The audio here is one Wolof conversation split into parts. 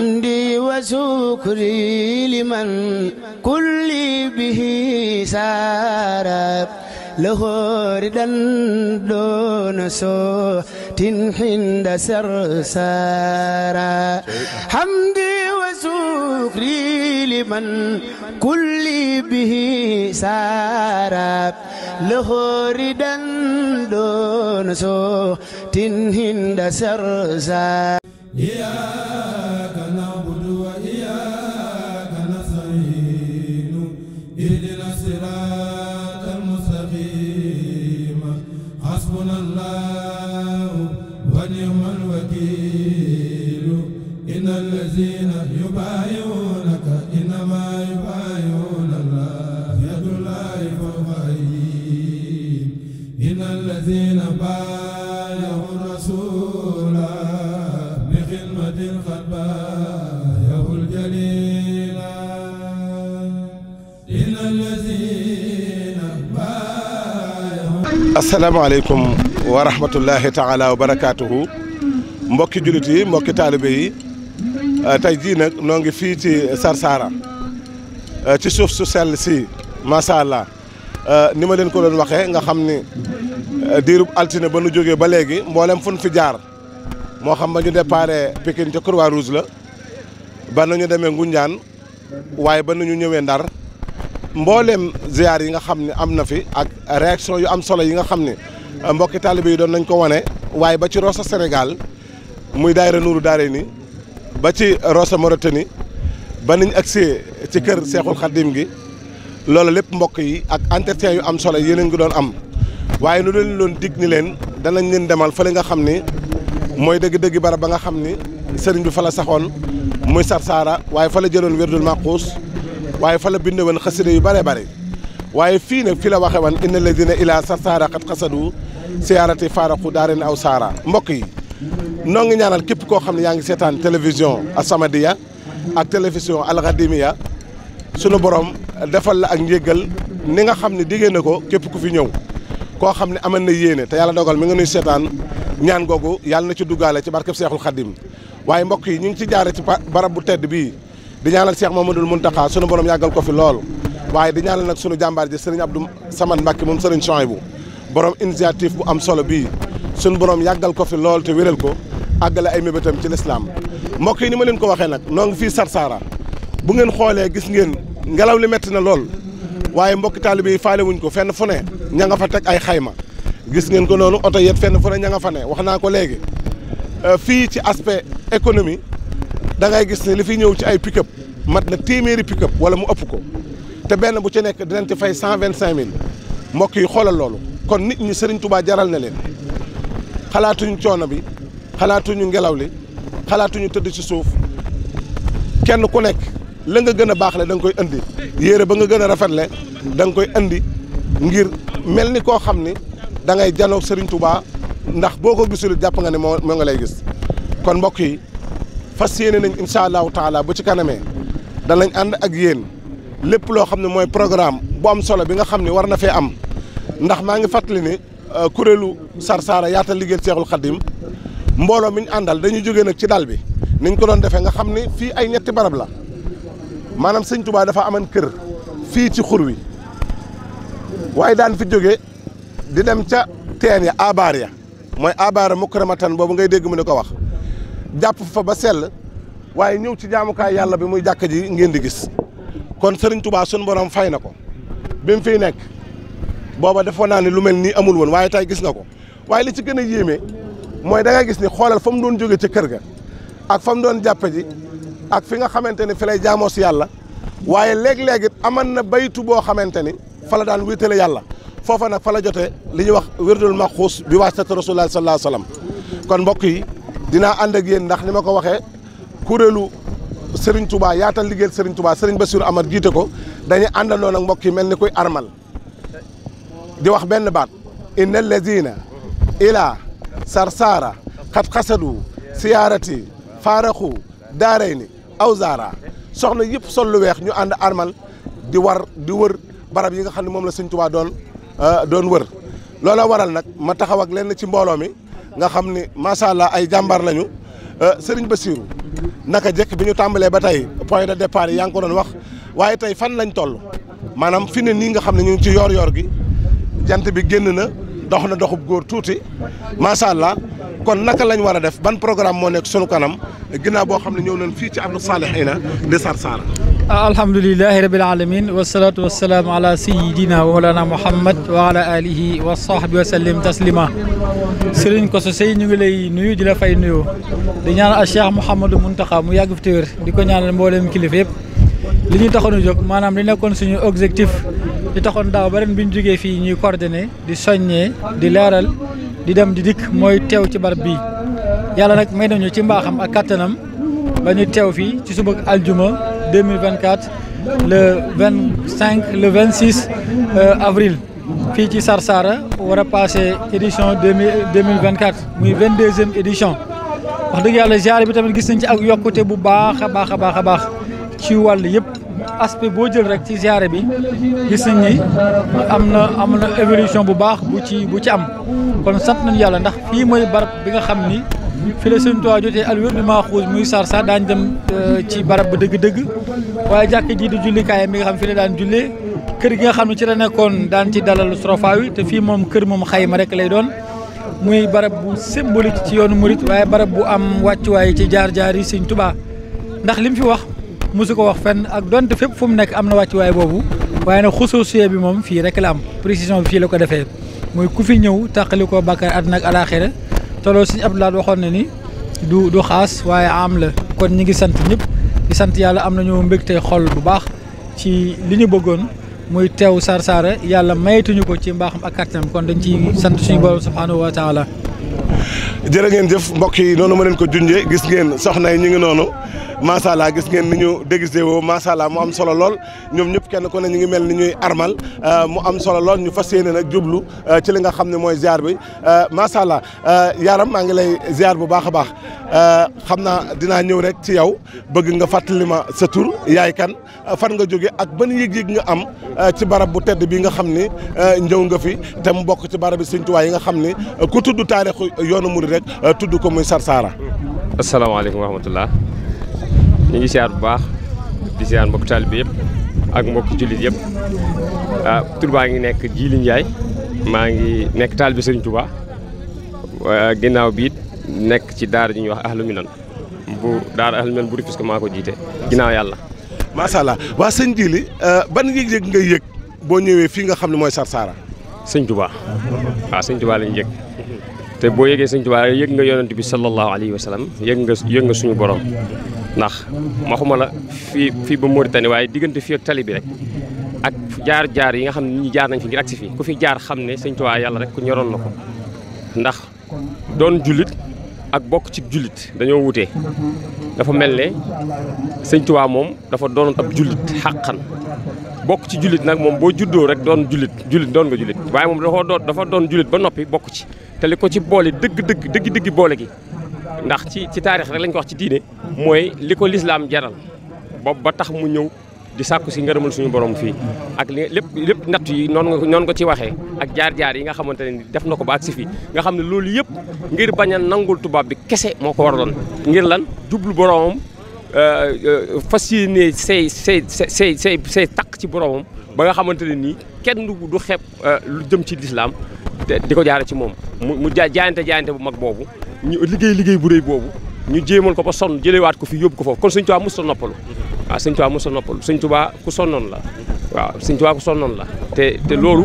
حمدي وشكري لمن كلي به سارب له ردا دون صوت حند سرسارا حمدي وشكري لمن كل به سارب له ردا دون صوت هند سرسارا asalaamaaleykum wa rahmatullahi taala wa barakaatuhu mbokki jullit yi mbokki taalibe yi euh, tey jii nag noo ngi fii ci Sarsara euh, ci suuf su sell si macha allah euh, ni ma leen ko doon waxee nga xam ni diirub altine ba nu jógee ba léegi mboolem fun fi jaar moo xam ba ñu déparé ca Croix Rouge la ba nañu demee Ngunjaan waaye ba nañu ñëwee Ndar mbooleem ziar yi nga xam ne am na fi ak réaction yu am solo yi nga xam ne euh, mbokki taalibe yi doon nañ ko wane waaye ba ci Rosso Sénégal muy daayira Nuuru Daarayni ba ci rosa Mauritanie ba niñ agsee ci kër Seexul Xaddim gi loolu lépp mbokk yi ak entretien yu am solo yéen a ngi doon am waaye nu leen doon dig ni leen danañ leen demal fa fële nga xam ni mooy dëgg-dëgg barab ba nga xam ni sëriñ bi fa la saxoon muy Sarsara waaye fa la jëloon wérdul Maquus waaye fa la bind woon xasida yu bare bare waaye fii nag fi la waxe woon inna lazina ilaa sarsaara xat xasadu siyaarati faaraku daarin aw saara mbokk yi noo ngi ñaanal képp koo xam ne yaa ngi seetaan télévision As-Samadiyya ak télévision al sunu borom defal la ak njéggal ni nga xam ne diggee ko képp ku fi ñëw koo xam ne aman na yéene te yàlla dogal mi nga nuy seetaan ñaan googu yàlla na ci duggaale ci barkeb Seexul Xadim waaye mbokk yi ñu ngi ci jaare ci barab bu tedd bii di ñaanal Cheikh Mamadou Mountakha sunu borom yàggal ko fi lool waaye di ñaanal nag sunu jàmbaar ji sëriñ Abdou Samad Mbacke moom sëriñ Chouaïbou borom initiative bu am solo bii sunu borom yàggal ko fi lool te wéral ko àggale ay mébétam ci lislaam mbokk yi ni ma leen ko waxee nag noo ngi fii Sarsara bu ngeen xoolee gis ngeen ngelaw li metti na lool waaye mbokki taalibe yi faale wuñ ko fenn fu ne ña nga fa teg ay xayma gis ngeen ko noonu oto yet fenn fu ne ña nga fa ne wax naa ko léegi euh, fii ci aspect économie da ngay gis ne li fi ñëw ci ay pick mat na téeméeri pick-up wala mu ëpp ko te benn bu ci nekk dinañ ci fay cent vingt cinq mille mbokk yi xoolal loolu kon nit ñi Serigne Touba jaral na leen xalaatuñu coono bi xalaatuñu ngelaw li xalaatuñu tëdd ci suuf kenn ku nekk la nga gën a baax le da koy indi yére ba nga gën a rafetle da nga koy indi ngir mel ni koo xam ni da ngay janoog Serigne Touba ndax boo ko gisul jàpp nga ne moo moo nga lay gis kon mbokk yi. fas yéene nañ incha allahu taala bu ci kanamee danañ ànd ak yéen lépp loo xam ne mooy programme bu am solo bi nga xam ne war na fee am ndax maa ngi fàttali ni euh, kuréelu Sarsara yaatal liggéeyal Seexul Xadim mbooloo mi ñu àndal dañu jógee nag ci dal bi niñ ko doon defee nga xam ne fii ay ñetti barab la maanaam sëñ Tuubaa dafa amoon kër fii ci xur wi waaye daan fi jóge di dem ca teen ya abaar ya mooy abaara mukkaramatan boobu ngay dégg mu ne ko wax jàpp fa ba sell waaye ñëw ci jaamukaay yàlla bi muy jàkka ji ngeen di gis kon Serigne Touba sunu borom fay na ko bi mu fiy nekk booba defoon naa ne lu mel nii amul woon waaye tey gis na ko waaye li ci gën a yéeme mooy da gis ni xoolal fa mu doon jóge ca kër ga ak fa doon jàppe ji ak fi nga xamante ne fi lay jaamoo si yàlla waaye léeg-léeg it aman na bayitu boo xamante ni fa la daan wéetale yàlla foofa nag fa la jotee li ñu wax wérdul maxuus bi waasitata rasulullah sallallahu alayhi wa kon mbokk yi dina ànd ak yéen ndax ni ma ko waxee kuréelu Serigne Touba yaatal liggéeyal Serigne Touba ba Bassirou Amar jiite ko dañuy àndandoo nag mbokk yi mel ni koy armal di wax benn baat inna lazina ila sarsara xat xasadu siyaarati faaraxu daarayni aw soxna yëpp sol lu weex ñu ànd armal di war di wër barab yi nga xam ne moom la Serigne Touba doon euh, doon wër loola waral nag ma taxaw ak ci mbooloo mi nga xam ni macha allah ay jàmbaar lañu euh, Serigne Bassirou naka jekk bi ñu tàmbalee ba tey point de départ yi yaa ngi ko doon wax waaye tey fan lañ toll maanaam fi ne nii nga xam ne ñu ngi ci yor-yor gi jant bi génn na dox na doxub góor tuuti macha allah kon naka lañ war a def ban programme moo nekk sunu kanam ginnaaw boo xam ne ñëw nañ fii ci am Abdou na di Sarsara alhamdulilahi rabil alamin wasalatu wasalaamu ala sayidina wa mawlana muhammad wa ala alihi wa sahbi wa sallim taslima sëriñ Kosso Seye ñu ngi lay nuyu di la fay nuyu di ñaanal Cheikh Mouhamadou Mountakha mu yàgg fi téwér di ko ñaanal mboolem kilifa yëpp li ñu taxoon a jóg maanaam li nekkoon suñu objectif li taxoon daaw ba bi ñu jógee fii ñuy coordonné di soññee di laaral di dem di dikk mooy teew ci barab bi yàlla nag may nañu ci mbaaxam ak kattanam ba ñu teew fii ci suba aljuma 2024 le 25 le 26 euh, avril fii ci Sarsara war a passé édition 2024 muy 22e édition wax dëgg yàlla ziar bi tamit gis nañ ci ak yokkute bu baax a baax baax a baax ci wàll yëpp aspect boo jël rek ci ziar bi gis nañ ni am na am na évolution bu baax ci bu ci am kon sant nañu yàlla ndax fii mooy barab bi nga xam ni fi la sëñ Tuubaa jotee alwér bi maaxuus muy sar sa daan dem euh, ci barab ba dëgg-dëgg waaye jàkk ji di jullikaay mi nga xam fi la daan jullee kër gi nga xam ne ci la nekkoon daan ci dalal sorofaawi te fii moom kër moom xayma rek lay doon muy barab bu symbolique ci yoonu murit waaye barab bu am wàccuwaay ci jaar-jaar yi sëñ Tuubaa ndax li mu fi wax mosu ko wax fenn ak donte fépp fu mu nekk am na wàccuwaay boobu waaye nag xusuusiyee bi moom fii rek la précision bi la ko defee muy ku fi ñëw tàqali ko bàkkaar àddina ak toloo loolu suñu Abdoulaye waxoon na ni du du xaas waaye am la kon ñi ngi sant ñëpp di sant yàlla am nañu mbégte xol bu baax ci li ñu bëggoon muy teew Sarsara yàlla maytuñu ko ci mbaaxam ak kàttanam kon dañ ci sant suñu borom subhanahu wa taala jërë ngeen jëf mbokk yi noonu ma leen ko junjee gis ngeen soxna yi ñu ngi noonu macha allah gis ngeen ni ñu déguisé woo macha allah mu am solo lool ñoom ñëpp kenn ku ne ñu ngi mel ni ñuy armal euh, mu am solo lool ñu fas yéene nag jublu euh, ci li nga xam ne mooy ziar bi euh, macha allah yaram maa ngi lay ziar bu baax a baax xam naa dinaa ñëw rek ci yow bëgg nga fàttali ma sa yaay kan fan nga jóge ak ban yëg-yëg nga am ci barab bu tedd bi nga xam ni ñëw nga fi te mu bokk ci barab bi Sëñ yi nga xam ni ku tudd taarixu yoonu murid rek euh, tudd ko muy Sarsara. asalaamaaleykum wa rahmatulah ñu ngi bu baax di siyaar mbokk taalibe yëpp ak mbokk jullit yëpp ah tur ngi nekk Djily njaay maa ngi nekk taalibe Serigne Touba ginnaaw bi it nekk ci daar ji ñuy wax ahlu minan bu daara ahlu minan bu Rufisque maa ko jiite ginnaaw yàlla. macha allah waa sëñ Djily euh, ban yëg-yëg ngay yëg boo ñëwee fii nga xam ne mooy Sarsara. sëñ Touba waaw sëñ Touba lañ yëg. te boo yëgee sëñ Tuubaa yëg nga yonent bi sallallahu alayhi wa sallam nga yëg nga suñu borom ndax maxuma la fii fii ba Mauritanie waaye diggante fii ak tali bi rek ak jaar jaar yi nga xam ne nit ñi jaar nañ fi ngir agsi fii ku fi jaar xam ne sëñ Tuubaa yàlla rek ku ñoroon na ko ndax doon jullit ak bokk ci jullit dañoo wute dafa mel ne sëñ Tuubaa moom dafa doonoon ab jullit xàqan bokk ci jullit nag moom boo juddoo rek doon jullit jullit doon nga jullit waaye moom dafa doon dafa doon jullit ba noppi bokk ci te li ko ci boole dëgg dëgg dëgg dëgg boole gi ndax ci ci taarix rek lañ ko wax ci diine mooy li ko lislaam jaral boobu ba tax mu ñëw di sàkku si ngërëmul suñu borom fii ak li lépp lépp natt yi noon nga nga ci waxee ak jaar-jaar yi nga xamante ne def na ko ba ak si fii nga xam ne loolu yëpp ngir bañ a nangul tubaab bi kese moo ko waraloon ngir lan jublu boromam euh, euh, fas yéene say say say say say takk ci boromam ba nga xamante ne nii kenn du xeeb euh, lu jëm ci lislaam te di ko jaare ci moom mu jaayante jaayante bu mag boobu ñu liggéey liggéey bu rëy boobu ñu jéemal ko ba sonn jëlewaat ko fii yóbbu ko foofu kon suñu waaw sëñ Tuubaa mos a noppal sëñ Tuubaa ku sonnoon la waaw sëñ Tuubaa ku sonnoon la te te loolu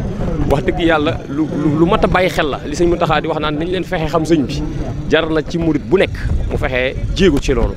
wax dëgg yàlla lu lu mat a bàyyi xel la li sëñ taxaa di wax naan nañ leen fexe xam sëñ bi jar na ci murit bu nekk mu fexe jéego ci loolu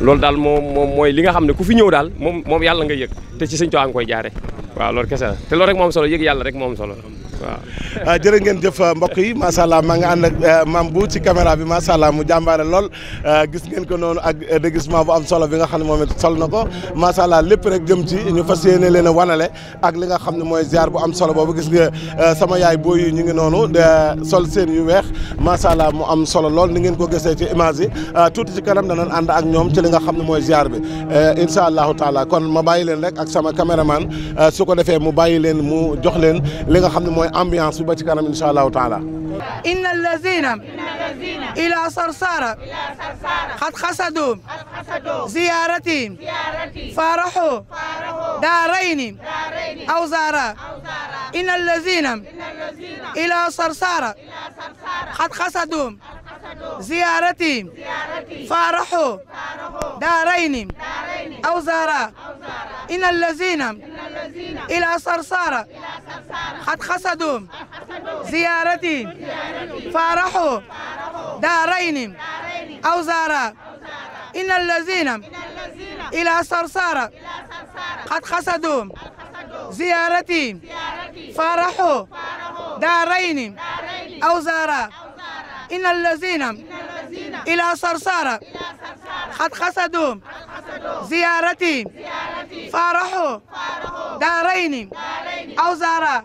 loolu daal moom moom mooy li nga xam ne ku fi ñëw daal moom moom yàlla nga yëg te ci sëñ Tuubaa nga koy jaare waaw loolu kese la te loolu rek moom solo yëg yàlla rek moom solo waaw ah, jërë ngeen jëf mbokk yi macha allah maa nga ànd ak eh, maam bu ci caméra bi macha allah mu jàmbaare lool ah, gis ngeen ko noonu ak eh, déguisement bu am solo bi nga xam ne moom it sol na ko macha allah lépp rek jëm ci ñu fas yéene leen a wanale ak li nga xam ne mooy ziar bu am solo boobu gis nga eh, sama yaay booy ñu ngi noonu sol seen yu weex macha allah mu am solo lool ni ngeen ko gisee ci image yi ah, tuuti ci kanam danañ ànd ak ñoom ci li nga xam ne mooy ziar bi incha allahu taala kon ma bàyyi leen rek ak sama caméraman su ko defee mu bàyyi leen mu jox leen li nga xam ne mooy mooy ambiance bi ba ci kanam incha allahu taala إن الذين إلى صرصار قد خسدوا زيارتهم فارحوا دارين أو زارا إن الذين إلى صرصار قد خسدوا زيارتهم فارحوا دارين أو زارا إن الذين إلى صرصار قد خسدوا زيارتهم فارحوا دارين أو زارا إن الذين إلى صرصار قد قصدوا زيارتي فارحوا دارين أو زارا إن الذين إلى صرصار قد قصدوا زيارتي فارحوا دارين أو زارا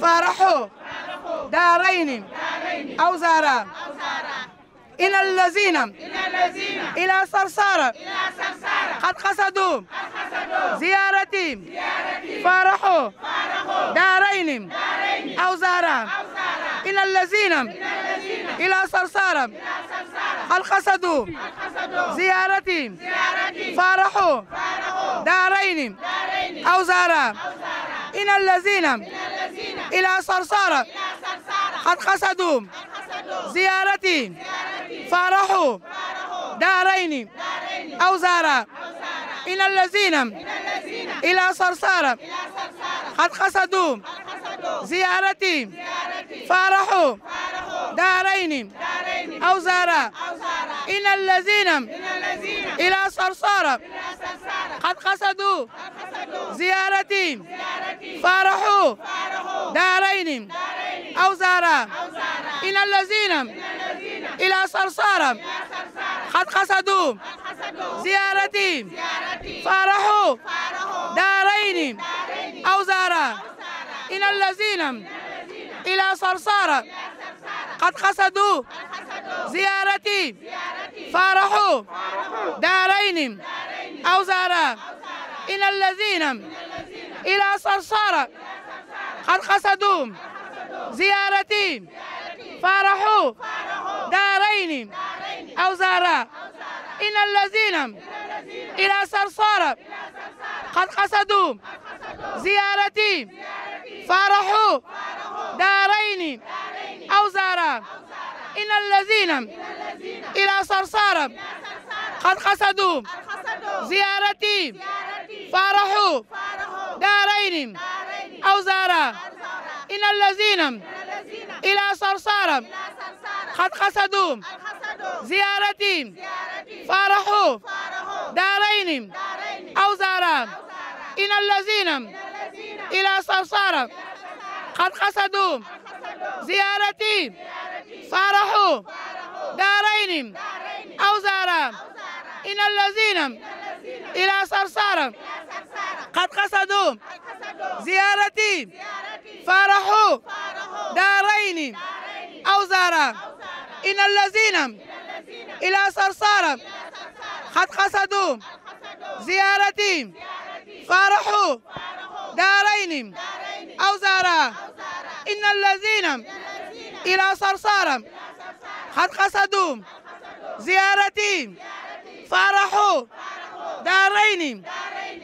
فارحوا دارين أو زارا إلى الذين إلى صرصار قد قصدوا زيارتي فارحوا دارين أو زارا إلى الذين إلى صرصار قد قصدوا زيارتي فارحوا دارين أو زارا إلى الذين إلى صرصار قد قصدوا زيارتي فرحوا دارين أو زارا إلى الذين إلى صرصار قد قصدوا زيارتي فرحوا دارين أو زارا إلى الذين إلى صرصار قد قصدوا زيارتي فارحوا دارين أوزارا إلى الذين إلى صرصارا قد قصدوا زيارتي فارحوا دارين أوزارا إلى الذين إلى صرصارا قد قصدوا زيارتي فارحوا دارين أوزارا إلى الذين إلى صرصار قد قصدوهم زيارتي فارحوا دارين أو زارا إن الذين إلى صرصار قد قصدوا زيارتي فارحوا دارين أو زارا إن الذين إلى صرصار قد قصدوا زيارتي فارحوا دارين أو زارا إن الذين إلى صرصار قد قصدوا زيارتي فارحوا دارين أو زارا إن الذين إلى صرصار قد قصدوا زيارتي فارحوا دارين أو زارا إن الذين إلى صرصار قد قصدوا زيارتي فرحوا دارين أو زارا إن الذين إلى صرصار قد قصدوا زيارتي فرحوا دارين أو زارا إن الذين إلى صرصار قد قصدوا زيارتي فارحوا دارين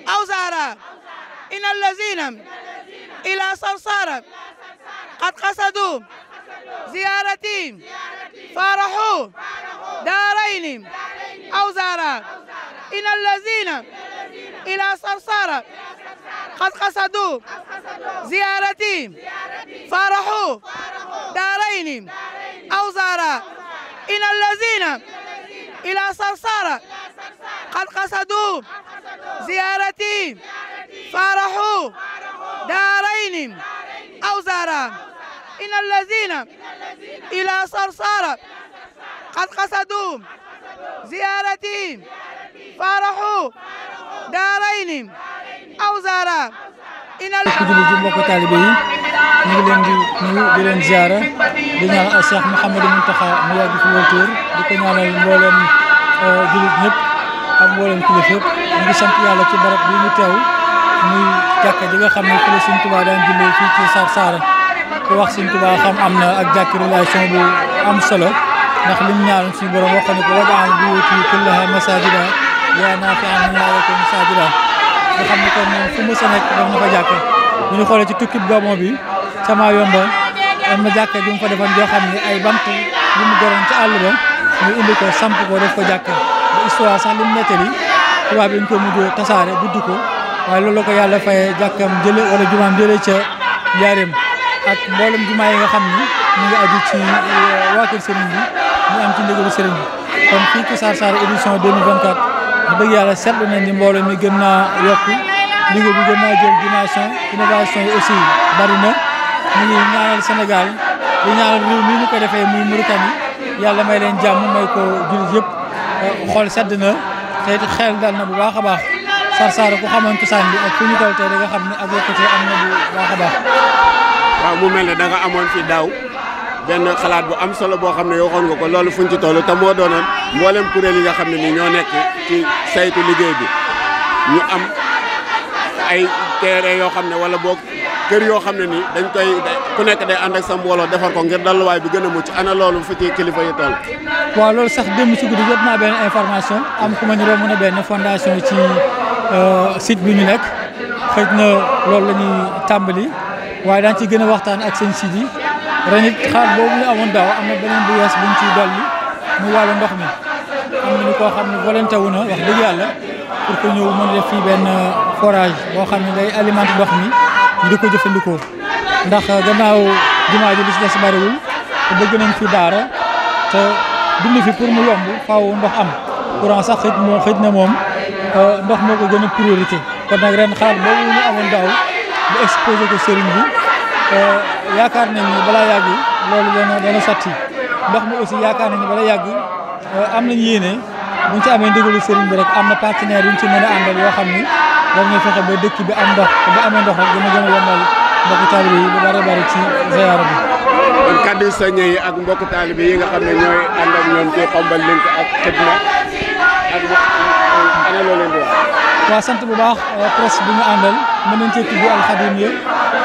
أو زارا إن الذين إلى صرصار قد قصدوا زيارتي فارحوا دارين أو زارا إن الذين إلى صرصار قد قصدوا زيارتي فارحوا دارين أو زارا إن الذين إلى صرصارة قد قصدوا زيارتي فارحوا دارين أو زارا إن الذين إلى صرصارة قد قصدوا زيارتي فارحوا دارين أو زارا إن الذين ñu ngi leen di nuyu di leen ziara di ñaan Cheikh Mouhamadou Mountakha mu yàgg fi wóor di ko ñaanal mboolem euh, jullit ñëpp ak mboolem kilifa yëpp ñu ngi sant yàlla ci barab bi ñu teew muy jàkka ji nga xam ne fële Sëñ Tuubaa daan jullee fii ci Sarsara ku wax Sëñ Tuubaa xam am na ak jàkk relation bu am solo ndax li mu ñaan suñu borom wax ne ko waj'al buyuutii kullaha masaajida yaa naafi'an an laa yakuuna sajida nga xam ne kon moom fu mu sa nekk daf na fa jàkka bu ñu xoolee ci tukki Gabon bi sama yomba am na jàkka ju mu fa defoon joo xam ne ay bant yu mu goroon ci àll ba ñu indi ko samp ko def ko jàkka ba histoire sax li mu nettali tubaab yi ñu ko mujj tasaare buddi ko waaye loolu la ko yàlla fayee jàkkam jële wala jumaam jële ca njaareem ak mboolem jumaa yi nga xam ni ñu ngi aju ci eh, waa kër sëriñ bi ñu am ci ndigalu sëriñ bi kon fii ci Saar Saar édition 2024 wax dëgg yàlla set nañ ni mbooloo mi gën naa yokku liggéey bi gën naa jël dimension innovation yi aussi bari na ñu ngi ñaanal Sénégal di ñaanal réew mi ñu ko defee muy yàlla may leen jàmm may ko jullit yëpp eh, xool sedd na te it xel dal na bu baax a baax Sarsara ku xamoon cosaan bi ak ku ñu toll tey da nga xam ne ak yokkute am na bu baax a baax. waaw mu mel ne da nga amoon fi daaw benn xalaat bu am solo boo xam ne waxoon nga ko loolu fuñ ci toll te moo doonoon mboolem kuréel yi nga xam ne ni ñoo nekk ci saytu liggéey bi ñu am ay teere yoo xam ne wala boog. kër yoo xam ne nii dañ koy ku nekk day ànd ak sa mbooloo defar ko ngir dalluwaay bi gën a mucc ana loolu fi ci kilifa yi toll. waaw loolu sax démb si guddi jot naa benn information ma ñu doon mën a benn fondation ci euh, site bi ñu xëj na loolu la ñuy tàmbali waaye daan ci gën a waxtaan ak seen site yi ren it xaar boobu ñu amoon daaw am na beneen bu yees buñ ciy dolli mu wàllu ndox mi am na ñu koo xam ne volonté wu na wax dëgg yàlla pour que ñëw mën def fii benn euh, forage boo xam ne day alimenter ndox mi. ñu di jëfandikoo ndax uh, gannaaw jumaa ji li des bariwul te bëgg nañ fi daara te dund fi pour mu yomb faaw ndox am courant sax xëj moo xëj na moom uh, ndox moo ko gën a priorité kon nag ren xaal boobu ñu amoon daaw bu exposé ko sëriñ bi uh, yaakaar nañ ni balaa yàgg loolu dana dana sotti ndox mi aussi yaakaar nañ ni balaa yàgg am nañ yéene buñ ci amee ndigalu sëriñ bi rek am na partenaire yuñ ci mën a àndal yoo xam ni war ñu fexe ba dëkk bi am ndox ba amee ndox rek dina gën a yombal mbokku taalibe bu bare bare ci ziyaara bi. kon kaddu soññe yi ak mbokku taalibe nga xam ne ñooy ànd ak ñoom ci Xombal link ak Xidma ak ana loo leen di wax. waaw sant bu baax bi ñu àndal mën nañ cee tudd alxadimiya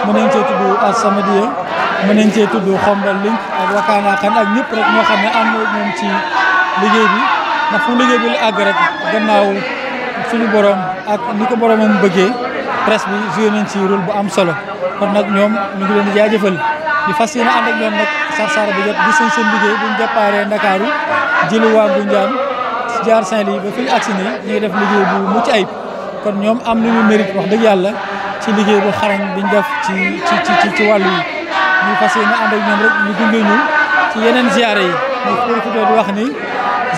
mën nañ cee tudd asamadiya mën nañ cee tudd Xombal link ak Wakana Kane ak ñëpp rek ñoo xam ne ànd ñoom ci liggéey bi ndax fu liggéey bi la àgg rek gannaaw suñu borom. ak ni ko boromam bëggee presse bi joué nañ ci rôle bu am solo kon nag ñoom ñu ngi leen di jaajëfal di fas yéene ànd ak ñoom nag Sarsara bi jot di seen seen liggéey bu ñu jàppaaree Ndakaaru jëli waa Ngoundiane jaar Saint-Louis ba fii agsi nii ñu def liggéey bu mucc ayib kon ñoom am nañu mérite wax dëgg yàlla ci liggéey bu xarañ biñ def ci ci ci ci wàllu yi ñu fas yéene ànd ak ñoom rek ñu gunge ñu ci yeneen ziare yi ñu profité di wax ni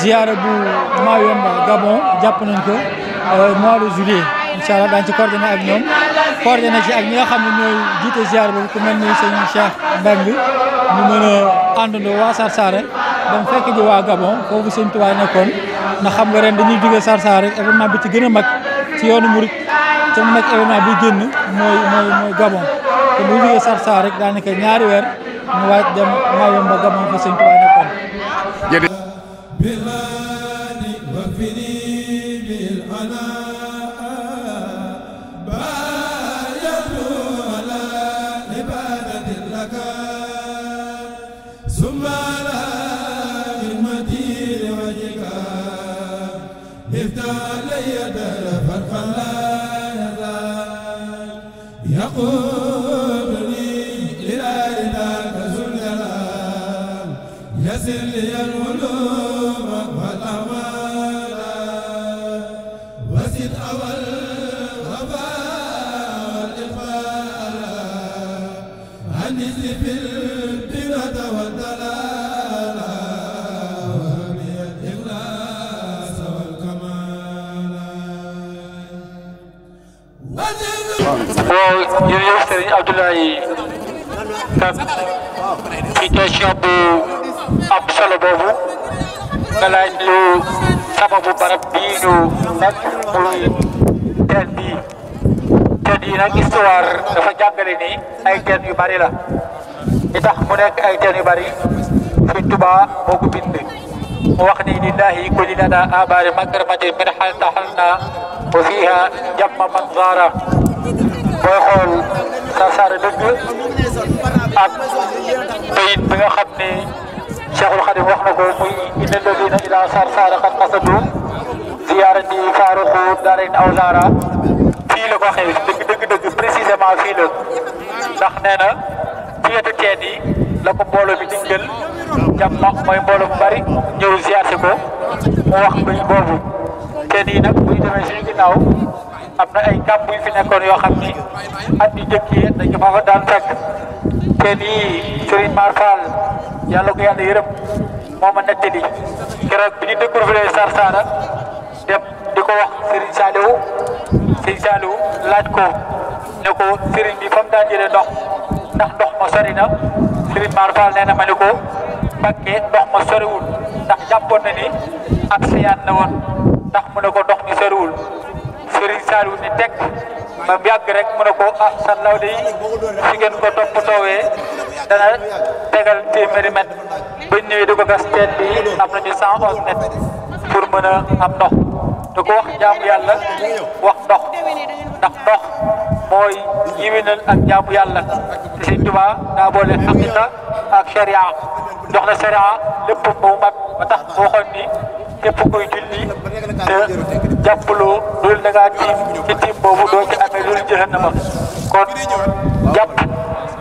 ziare bu Mayomba Gabon jàpp nañ ko Euh, mois de juillet incha allah daañu ci coordonné ak ñoom coordonné ci ak ñi nga xam ne ñooy jiite ziar boobu ku mel ni sëñ Cheikh Mbeng ñu mën a àndandoo waa Sarsara dem fekk ji waa Gabon foofu sëñ Tuubaa nekkoon ndax xam nga ren dañuy jógee Sarsara rek événement bi ci gën mag ci yoonu murit te mu nekk événement bi génn mooy mooy mooy Gabon te bu ñu jógee Sarsara rek daanaka ñaari weer ñu waaj dem Mayumba Gabon fa sëñ Tuubaa nekkoon يسر لي الولود jërëjëf sëriñ Abdoulaye boobu nga lu sababu barab bii ñu nag muy teen bii teen yi nag histoire dafa jàngale ni ay teen yu bari la li tax mu nekk ay teen yu bari fi Tuubaa moo ko wax ni lillahi kulli lana abaari makramatin min xal taxal na wa fiha jamma manzara booy tasaare dëgg ak bayit bi nga xam ne Cheikhul Khadim wax na ko muy inna alladina ila sarsara qad qasadu ziyaarati faaruqu daarayn aw zaara fii la ko xew dëgg dëgg précisément fii la ndax nee na teen yi la ko mbooloo bi diggal jàmm mooy mbooloo bu bari ñëw ziyaar si ko mu wax bay boobu teen yi nag buy demee suñu ginnaaw am na ay kàmb yu fi nekkoon yoo xam ni at yu jëkk yi dañu fa daan fekk seen yii Serigne Mar Fall yàlla ko yàlla yërëm moo ma nettali keroog bi ñu découvrir Sarsara dem di ko wax Serigne Saliou Serigne laaj ko ne ko Serigne bi fa daan jëlee ndox ndax ndox ma sori na Serigne Mar na ma ne ko Mbàkke ndox ma soriwul ndax jàppoon na ni ak siyaan na ndax mu ne ko ndox mi soriwul. Serigne Saliou ni teg ba yàgg rek mu ne ko a ah, sa law de yi si ngeen ko toppatoowee dana tegal téeméeri mètre ba ñëwee di ko gas teen bi am nañu 111 mètres pour mën a am ndox. te ko wax jaamu yàlla wax dox ndax dox mooy yiwénal ak jaamu yàlla te Sëñ Tuubaa boole xaqiqa ak sharia jox na sharia lépp bu mat ba tax waxoon ni julli te jàppaloo loolu da ngaa tiim ci tiim doo ci amee loolu jahannama kon jàpp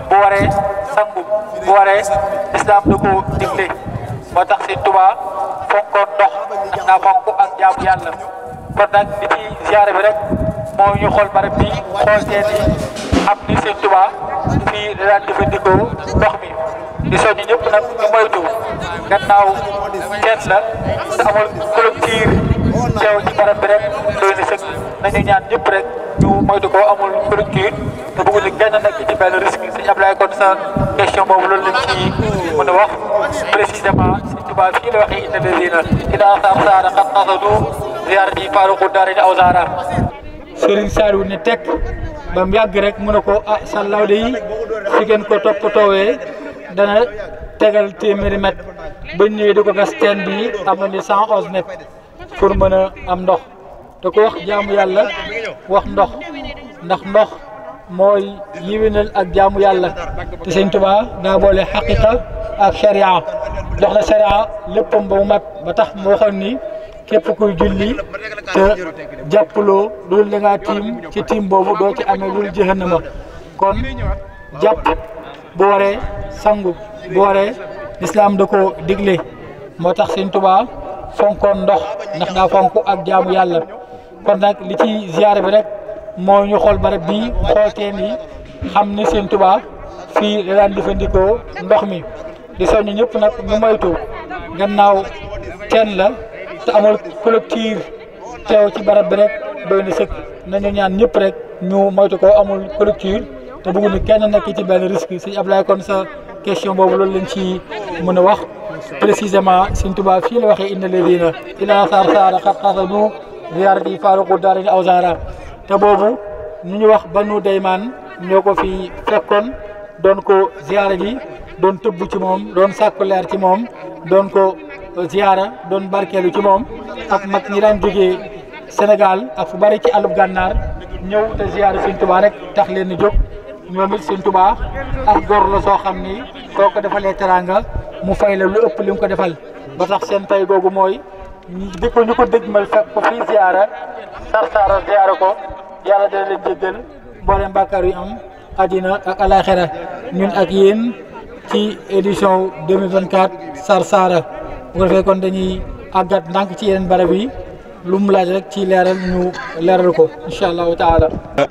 bu waree sangu bu waree islam da ko digle moo tax Sëñ Tuubaa fonkoon ndox ndax naa fonk ak jaamu yàlla kon nag di ci bi rek moo yu xool barab bi xool seen i am ni Sëñ Tuubaa fii da daan ndox mi di soññu ñëpp nag ñu moytu gannaaw kenn la te amul clôture teew ci barab bi rek nañu ñaan ñëpp rek ñu moytu ko amul rupture te bëgguñu kenn nekk ci benn risque sëñ Ablaye kon sa question boobu loolu lañ ci a wax précisément sëñ Tuubaa fii la waxee inna lazina idaa saara xat xasadu ziyaarati faaruqu daarayni aw zaara Sëriñ Saliou ne teg ba mu yàgg rek mu ne ko ah sa lawde yi si ngeen ko toppatoowee dana tegal téeméeri mètre ba ñëwee di ko gas teen bi am na ni cent onze mètres pour mën am ndox te ko wax jaamu yàlla wax ndox ndax ndox mooy yiwénal ak jaamu yàlla te sëñ Tuubaa daa boole xaqiqa ak sharia jox na sharia léppam ba mu mat ba tax mu waxoon ni képp kuy julli te jàppaloo loolu da ngaa tiim ci tiim boobu doo ci amee lul jahannama kon jàpp bu waree sangu bu waree lislaam da ko digle moo tax sëñ Tuubaa fonkoon ndox ndax daa fonk ak jaamu yàlla kon nag li ci ziyaare bi rek moo ñu xool barab bi xool teen xam ni seen Tuubaa fii la daan jëfandikoo ndox mi di ñu ñëpp nag ñu moytu gannaaw teen la te amul collectif teew ci barab bi rek doy na sëkk ñaan ñëpp rek ñu moytu ko amul collectif te bëgguñu kenn nekk ci benn risque sëñ Ablaye kon sa question boobu loolu lañ ci mën a wax précisément sëñ Tuubaa fii la waxee inna ladina ila saar saara xat xasadu ziyaarati yi faaruqu daarini aw sara te boobu ñu wax banu daymaan ñoo ko fi fekkoon doon ko ziyaara ji doon tëbb ci moom doon sàkku leer ci moom don ko ziyaara doon barkeelu ci moom ak mag ñi daan jógee Sénégal ak fu bari ci àllub gànnaar ñëw te ziyaara Sëñ Tuubaa rek tax leen di jog ñoom it Sëñ ak góor la soo xam ni koo ko defalee teraanga mu fay la lu ëpp li mu ko defal ba tax seen pay googu mooy di ko ñu ko dëgmal fekk ko fii sarsaara ziara ko yàlla dina leen jéggal mboolem bàkkaar yu am àddina ak alaxira ñun ak yéen ci édition 2024 sarsaara bu ko defee kon dañuy àggat ndànk ci yeneen barab yi lu mu laaj rek ci leeral ñu leeral ko incha allahu taala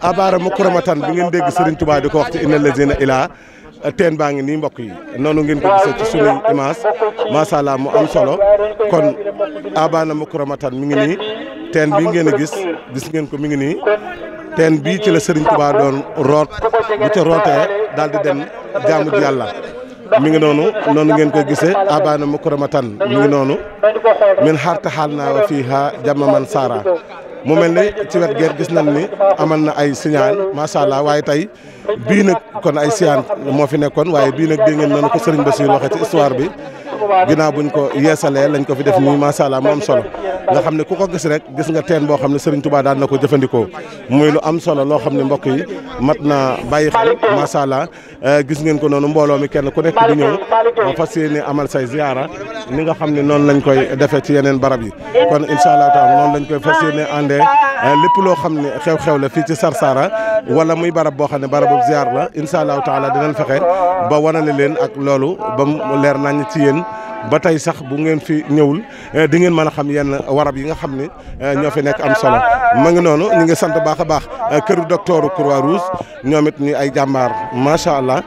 abaara mukaramatan bi ngeen dégg Serigne Touba di ko wax ci inna lazina ilaa teen baa ngi nii mbokk yi noonu ngeen ko gisee ci suñuy image macha allah mu am solo kon abana mukuramatan mi ngi nii teen bi ngeen a gis gis ngeen ko mi ngi nii teen bii ci la Serigne doon root bu rootee daal di dem jaamu ji yàlla mi ngi noonu noonu ngeen ko gisee abana mukuramatan mi ngi noonu min xarta xaal naa wa fiiha jamaman saara mu mel ni ci wet geer gis nañ ni amal na ay signal macha allah waaye tey bii nag kon ay siyaan moo fi nekkoon waaye bii nag dégg ngeen noonu ko ba si waxee ci histoire bi ginnaaw buñ ko yeesalee lañ ko fi def nii macha allah mu am solo nga xam ne ku ko gis rek gis nga teen boo xam ne Serigne tubaa daan na ko jëfandikoo muy lu am solo loo xam ne mbokk yi mat na bàyyi xel macha eh, gis ngeen ko noonu mbooloo mi kenn ku nekk di ñëw fas yéene amal say ziyaara ni nga xam ne noonu lañ koy defee ci yeneen barab yi kon incha allah taala noonu lañ koy fas yéene àndee eh, lépp loo xam ne xew-xew la fii ci Sarsara wala muy barab boo xam ne barabu ziar la incha allah taala dinañ fexe ba wanale leen ak loolu ba mu leer nañ ci yéen. ba tey sax bu ngeen fi ñëwul eh, di ngeen mën a xam yenn warab yi nga xam ne eh, ñoo fi nekk am solo ma ngi noonu ñu ngi sant baax a baax kër docteur Croix-Rouge ñoom it ñu ay jàmbaar macha allah.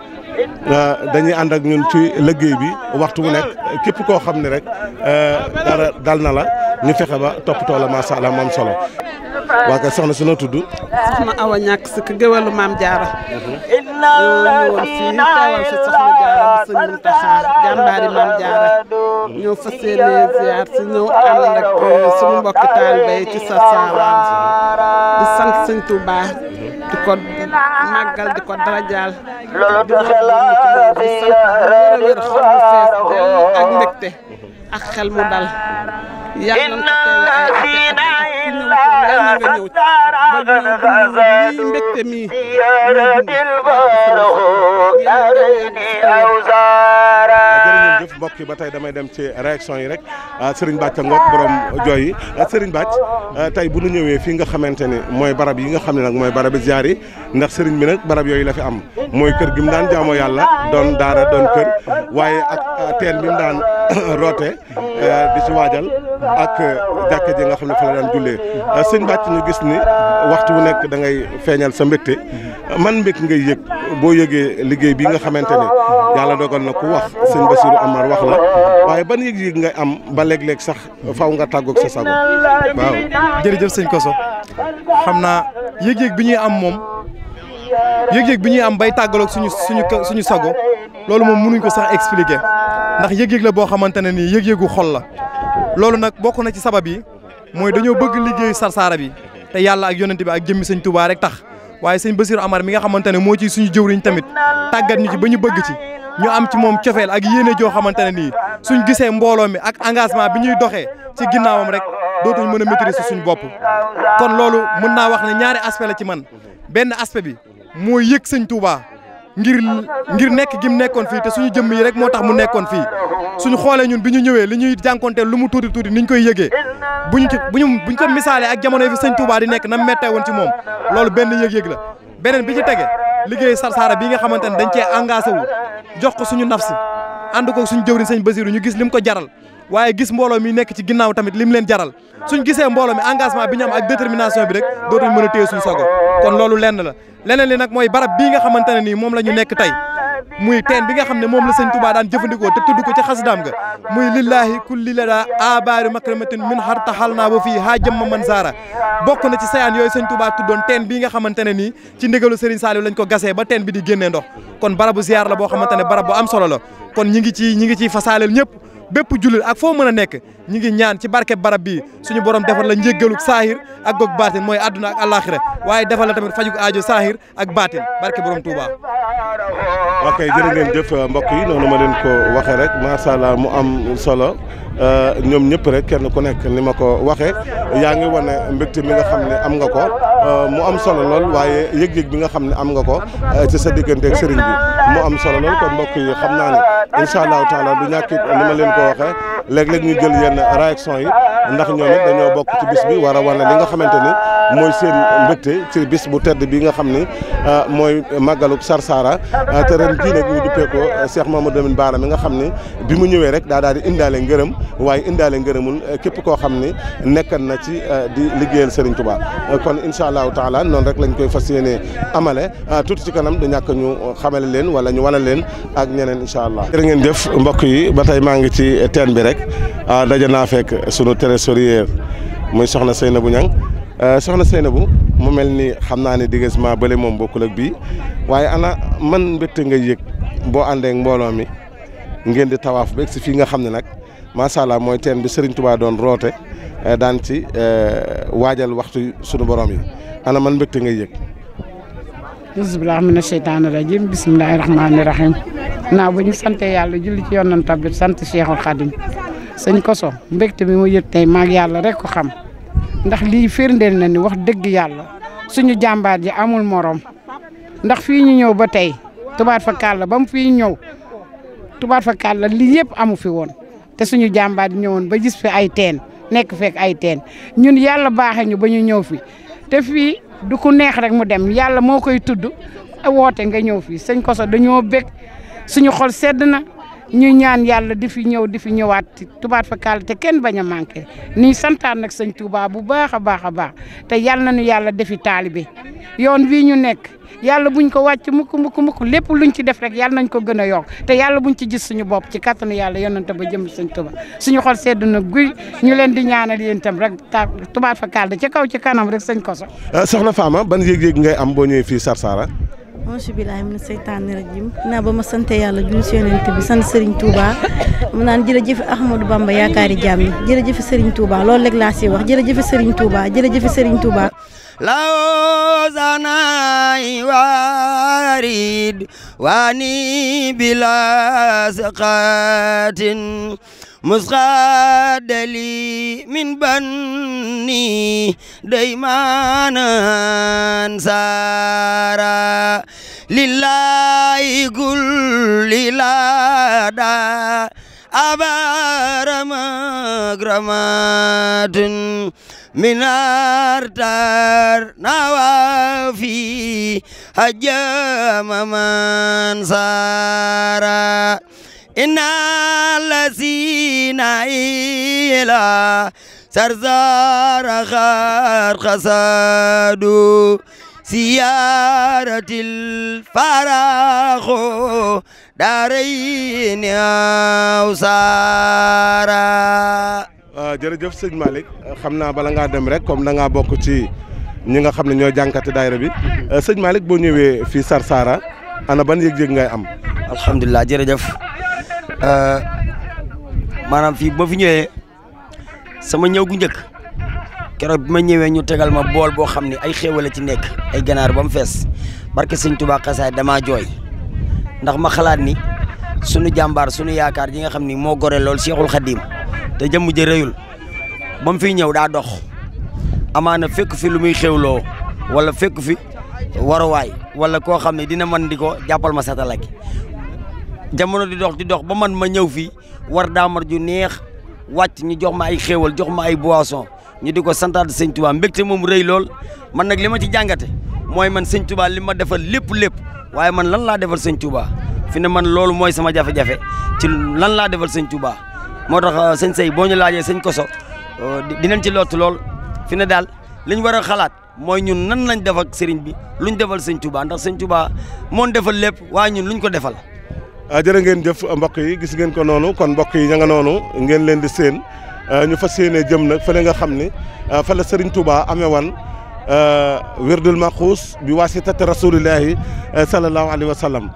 Euh, dañuy ànd ak ñun ci liggéey bi waxtu wu nekk képp koo xam ne rek euh, dara dal na la ñu fexe ba toppatoo la macha allah moom solo. waa soxna su noo tudd. soxna Awa ñàkk si géwélu maam Jaara. ñoo ñëwoon fii teewal fi soxna Jaara si ñëw ànd ak euh, suñu mbokki ci sa saawaat di sant sëñ Tuubaa di màggal di ko darajaal loolu taxe la fi wér xol bu ak mbégte ak xel mu dal yàlla na ko teel a yàlla nga ñëw ba ñu lii mbégte mii ñu dund ngeen jëf mbokk yi ba tey damay dem ci réaction yi rek ah, Serigne Bàcca Ngok borom jooy yi ah, Serigne Bàcc ah, tey bu nu ñëwee fii nga xamante ni mooy barab yi nga xam ne nag mooy barabi ziar yi ndax Serigne bi nag barab yooyu la fi am mooy kër gi mu daan jaamoo yàlla doon daara doon kër waaye ak teen bi mu daan roote di ci waajal ak jàkka ji nga xam ne fa la daan jullee sëñ Bàcc ñu gis ni waxtu wu nekk da ngay feeñal sa mbégte man mbég ngay yëg boo yëgee liggéey bi nga xamante ni yàlla dogal na ku wax sëñ Basiru lu Amar wax la waaye ban yëg-yëg nga am ba léeg-léeg sax faw nga tàggook sa sago. waaw jërëjëf sañ Koso xam naa yëg-yëg bi ñuy am moom yëg-yëg bi ñuy am bay tàggaloog suñu suñu suñu sago loolu moom mënuñ ko sax expliquer ndax yëg-yëg la boo xamante ne nii yëg-yëgu xol la loolu nag bokk na ci sabab yi mooy dañoo bëgg liggéey sarsaara bi te yàlla ak yonent bi ak jëmmi sëñ Tuubaa rek tax. waaye sëñ Bassirou Amar mi nga xamante ne moo ci suñu jëwriñ tamit tàggat ñu ci ba ñu bëgg ci ñu am ci moom cofeel ak yéene joo xamante ne nii suñ gisee mbooloo mi ak engagement bi ñuy doxee ci ginnaawam rek dootuñ mën a maîtriser suñu bopp. kon loolu mën naa wax ne ñaari aspect la ci man benn aspect bi mooy yëg sëñ Touba. ngir ngir nekk gi mu nekkoon fii te suñu jëmm yi rek moo tax mu nekkoon fii suñu xoolee ñun bi ñu ñëwee li ñuy jànkonteel lu mu tuuti tuuti ni koy yëgee buñ ci buñu buñ ko misaalee ak jamono yi fi sëñ Touba di nekk nan mettee woon ci moom loolu benn yëg-yëg la beneen bi ci tege liggéey Sarsara bi nga xamante ne dañ cee engagé wu jox ko suñu nafsi ànd ko suñu jëwriñ sëñ Basiru ñu gis mu ko jaral waaye gis mbooloo mi nekk ci ginnaaw tamit lim leen jaral suñ gisee mbooloo mi engagement bi ñu am ak détermination bi rek dootuñ mën a téye kon loolu lenn la leneen li nag mooy barab bii nga xamante ne nii moom la ñu nekk tey muy teen bi nga xam ne moom la sëñ Touba daan jëfandikoo te tudd ko ci xasidaam ga muy lillahi kulli la daa abaari makramatin min xar taxal naa ba fii haa ma man saara bokk na ci sayaan yooyu sëñ Touba tuddoon teen bii nga xamante ne nii ci ndigalu Serigne Saliou lañ ko gasee ba teen bi di génnee ndox kon barabu ziar la boo xamante ne barab bu am solo la kon ñi ngi ci ñi ngi ciy fasaaleel ñëpp bépp jullit ak foo mën a nekk ñi ngi ñaan ci barke barab bii suñu borom defal la njéggaluk saahir ak goog baatin mooy àdduna ak àllaaxira waaye defal la tamit fajuk aajo saahir ak baatin barke borom Touba. ok jërë ngeen jëf mbokk yi noonu ma leen ko waxee rek macha allah mu am solo. Euh, ñoom ñëpp rek kenn ku nekk ni ma ko waxee yaa ngi wane mbégte mi nga xam ne am nga ko euh, mu am solo lool waaye yëg-yëg bi nga xam ne am nga ko euh, ci sa diggante ak sëriñ bi mu am solo lool ko mbokk yi xam naa ne incha allahu taala du ñàkk ni ma leen ko waxee léeg-léeg ñu jël yenn réaction yi ndax ñoom bokk ci bis bi war a wane li nga xamante ni mooy seen mbégte ci bis bu tedd bi nga xam ni mooy màggalub Sarsara te ren jii nag ñu ko Cheikh Mamadou Lamine Bara mi nga xam ni bi mu ñëwee rek daa daal di indaale ngërëm waaye indaale ngërëmul eh, képp koo xam ne nekkan na ci eh, di liggéeyal Serigne Touba eh, kon incha allahu taala noonu rek lañ koy fas yéene amale tuuti ci kanam da ñàkk ñu xamale leen wala ñu wanal leen ak ñeneen incha allah. jërë ngeen jëf mbokk yi ba tey maa ngi ci teen bi rek daje naa fekk sunu trésorier muy soxna Seynabou Niang soxna Seynabou mu mel ni xam naa ne diggante bële moom bokkul ak bii waaye ana man mbégte nga yëg boo àndee ak mbooloo mi ngeen di tawaaf beeg si fii nga xam ne nag macha allah mooy teen bi Serigne Touba doon roote eh, daan ci eh, waajal waxtu sunu borom yi ana man mbégte ngay yëg. bisimilah mina seytaani rajim bisimilahi rahmaani rahim naa bu ñu sante yàlla julli ci yonantam bi sant Cheikhul Khadim sëñ Koso mbégte mi mu yëg tey maag yàlla rek ko xam ndax lii firndeel na ni wax dëgg yàlla suñu jàmbaar ji amul morom ndax fii ñu ñëw ba tey tubaat fa kàlla ba mu fii ñëw tubaat fa kàlla lii yëpp amu fi woon. te suñu jàmbaar yi ñëwoon ba gis fi ay teen nekk fekk ay teen ñun yàlla baaxee ñu ba ñu ñëw fi te fii du ku neex rek mu dem yàlla moo koy tudd woote nga ñëw fii sëñ Koso dañoo bég suñu xol sedd na ñu ñaan yàlla di fi ñëw di fi ñëwaat tubaat fa kaal te kenn bañ a manqué nii santaan nag sëñ Touba bu baax a baax a baax te yal nañu yàlla defi taalibe yoon wii ñu nekk yàlla buñ ko wàcc mukk mukk mukk lépp luñ ci def rek yàlla nañ ko gën a yokk te yàlla bu buñ ci gis suñu bopp ci kattanu yàlla yonante ba jëm sëñ Touba suñu xol sedd na guy ñu leen di ñaanal yéen itam rek tubaat fa kaal da ca kaw ci kanam rek sëñ Koso. Euh, soxna Fama ban yéeg-yéeg ngay am boo ñëwee fii Sarsara ange bilaay min seytaani rajim naa ba ma sante yàlla julli si yonent bi sant Serigne Touba mu naan jërëjëf Ahmadou Bamba yaakaari jaam yi jërëjëf Serigne Touba loolu rek laa si wax law sanaay waarid waani bila saqatin مسغاد لي من بني ديمانا سارا لله قل للادا أبار مغرمات من أرتار نوافي هجام من سارا إن الذي نايلا سرزار خار خساد سيارة الفراخ دارين أوسارا jërëjëf sëñ Malick xam naa bala ngaa dem rek comme da ngaa bokk ci ñi nga xam ne ñoo jànkati daayira bi ah, sëñ Malick boo ñëwee fi Sarsara ana ban yëg-yëg ngay am. alhamdulilah jërëjëf ah, maanaam fii ba fi ñëwee sama ñëw gu njëkk keroog bi ma ñëwee ñu tegal ma bool boo xam ne ay xéewal ci nekk ay ganaar ba mu fees barke sëñ Tuubaa xasaay damaa jooy ndax ma xalaat ni sunu jàmbaar sunu yaakaar ji nga xam ni moo gore lool Seexul Xadiim te jëmm ji rëyul ba mu fiy ñëw daa dox amaana fekk fi lu muy xéwloo wala fekk fi waruwaay wala koo xam ne dina man di ko jàppal ma satala gi di dox di dox ba man ma ñëw fii war daamar ju neex wàcc ñu jox ma ay xéewal jox ma ay boisson ñu di ko santaat sëñ Touba mbégte moom rey lool man nag li ma ci jàngate mooy man sëñ Touba li ma defal lépp lépp waaye man lan laa defal sëñ Touba ne man loolu mooy sama jafe-jafe ci lan laa defal sëñ moo tax euh, sëñ Sey boo ñu laajee sëñ Koso euh, dinañ ci lott lool fi ne daal liñ war a xalaat. mooy ñun nan lañ def ak sëriñ bi luñ defal sëñ Touba ndax sëñ Touba moon defal lépp waaye ñun luñ ko defal Ah, jërë ngeen jëf mbokk yi gis ngeen ko noonu kon mbokk yi ña nga noonu ngeen leen di séen ah, ñu fas yéene jëm nag fële nga xam ni ah, fa la Serigne Touba amee wan wirdul maxuus bi waasitati rasulillahi sallallahu alayhi wa sallam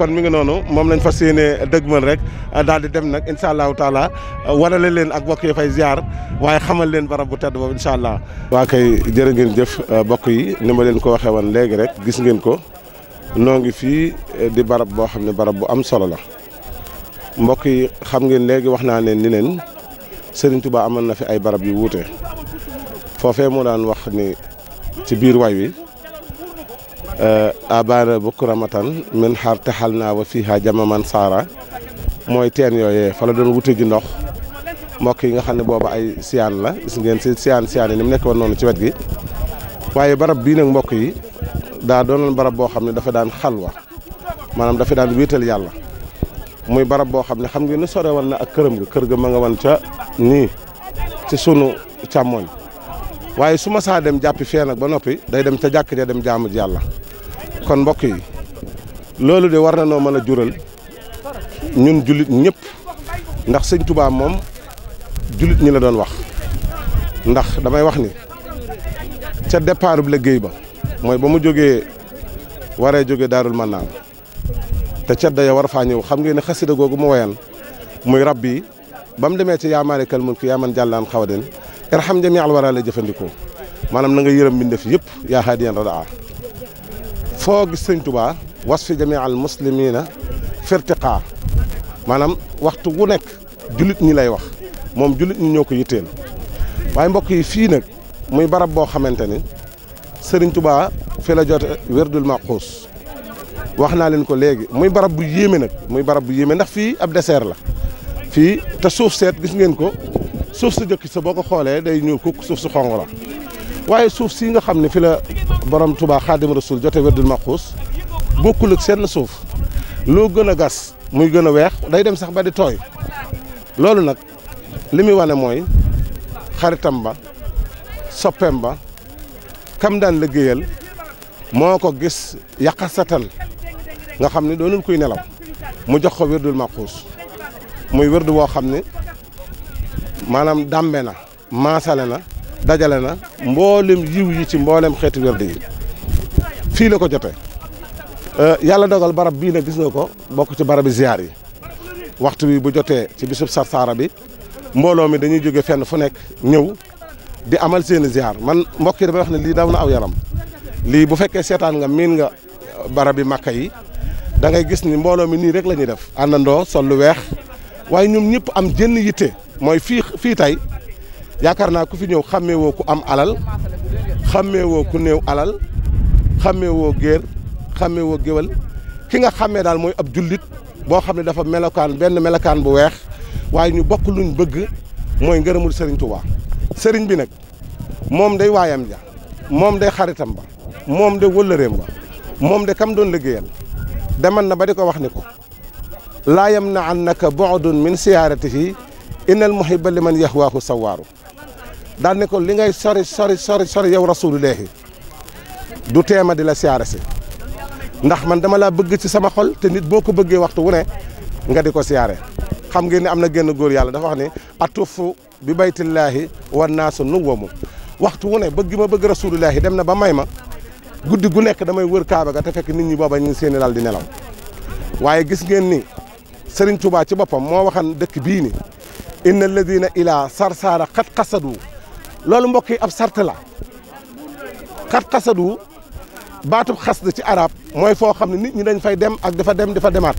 kon mi ngi noonu moom lañ fa yéene dëgmal rek daal di dem nag incha allahu taala warale leen ak mbokk yi fay ziar waaye xamal leen barab bu tedd boobu incha allah. waa kay jërë ngeen jëf mbokk yi ni ma leen ko waxee woon léegi rek gis ngeen ko. noo fii eh, di barab boo xam ne barab bu am solo la mbokk yi xam ngeen léegi wax naa ne ni leen Serigne Touba amoon na fi ay barab yu wuute foofee mu daan wax ni ci biir way wi eh, abana bukkuramatan min xaar xal naa wa fiiha jamaman saara mooy teen yooyee fa la doon wute ji ndox mbokk yi nga xam ne booba ay siyaan la gis ngeen si siyaan siyaan yi ni mu nekk woon noonu ci wet gi waaye barab bii nag mbokk yi daa doonoon barab boo xam ne dafa daan xalwa maanaam dafa daan wéetal yàlla muy barab boo xam ne xam ngeen ne sore woon na ak këram ga kër ga ma nga ca nii ci sunu càmmoñ waaye su ma saa dem jàppi fee nag ba noppi day dem ca jàkk ja dem jaamu yàlla kon mbokk yi loolu de war na noo mën a jural ñun julit ñëpp ndax sëñ Tuubaa moom julit ñi la doon wax ndax damay wax ni ca départu liggéey ba mooy ba mu jógee waree jóge daarul mannaan te cedda ya war faa ñëw xam ngeen ne xasida googu mu woyan muy rab bi ba demee ci yaa maalikal mulki yaa man jàllaan xawadin irham jami al wara la jëfandikoo maanaam na nga yërëm mbindeef yëpp yaa haadiyan radaa foo gis sëñ tubaa was fi jami al muslimina firtiqaa maanaam waxtu wu nekk jullit ñi lay wax moom jullit ñi ñoo ko yitteel waaye mbokk yi fii nag muy barab boo xamante ni Serigne tubaa fi la joote werdul maqus wax naa leen ko léegi muy barab bu yéeme nag muy barab bu yéeme nag fii ab désert la fii te suuf seet gis ngeen ko suuf su jëkk sa boo ko xoolee day ñuul kukk suuf su xong la waaye suuf sii nga xam ne fi la borom Touba Xaadim Rasul jote werdul maqus bokkul ak seen suuf loo gën a gas muy gën a weex day dem sax ba di tooy loolu nag li muy wane mooy xaritam ba soppeem ba kam daan liggéeyal moo ko gis yàqasatal nga xam ne doonul kuy nelaw mu jox ko wérdul maquus muy wérdu woo xam ne maanaam dàmbe na maasale na dajale na mboolem yiw yi ci mboolem xeeti wérdu yi fii la ko jotee euh, yàlla dogal barab bii na gis nga ko bokk barab barabi ziyaar yi waxtu wi bu jotee ci bisub sarsaara bi mbooloo mi dañuy jóge fenn fu nekk ñëw di amal seen ziar man mbokk yi dafay wax lii daw na aw yaram lii bu fekkee seetaan nga miin nga barabi màkka yi dangay gis ni mbooloo mi nii rek la ñuy def. àndandoo sol lu weex waaye ñoom ñëpp am jënn yitte mooy fii fii tey yaakaar naa ku fi ñëw xàmmee woo ku am alal xàmmee woo ku néew alal xàmmee woo géer xàmmee woo géwal ki nga xàmmee daal mooy ab jullit boo xam ne dafa melokaan benn melokaan bu weex waaye ñu bokk luñ bëgg mooy ngërëmul Serigne Touba. sëriñ bi nag moom day waayam ja moom day xaritam ba moom de wëllëreem ba moom de kam doon liggéeyal demal na ba di ko wax ni ko laa yam na annaka bu'dun min siyaaratihi innal muhibba liman yahwaahu sawaaru daal ne ko li ngay sori sori sori sori yow rasulullahi du teema di la siyaare si ndax man dama laa bëgg ci sama xol te nit boo ko bëggee waxtu wu ne nga di ko siyaare xam ngeen ne am na genn góor yàlla dafa wax ni atufu bi baytillaahi war naa su nu wamu waxtu wu ne bëgg ma bëgg rasulullaahi dem na ba may ma guddi gu nekk damay wër kaaba ga te fekk nit ñi booba ñu seeni lal di nelaw waaye gis ngeen ni sëriñ Touba ci boppam moo waxan dëkk bii ni inna alladina ilaa sarsaara xat xasadu loolu mbokk yi ab sart la xat xasadu baatub xas da ci arab mooy foo xam ne nit ñi dañ fay dem ak dafa dem dafa demaat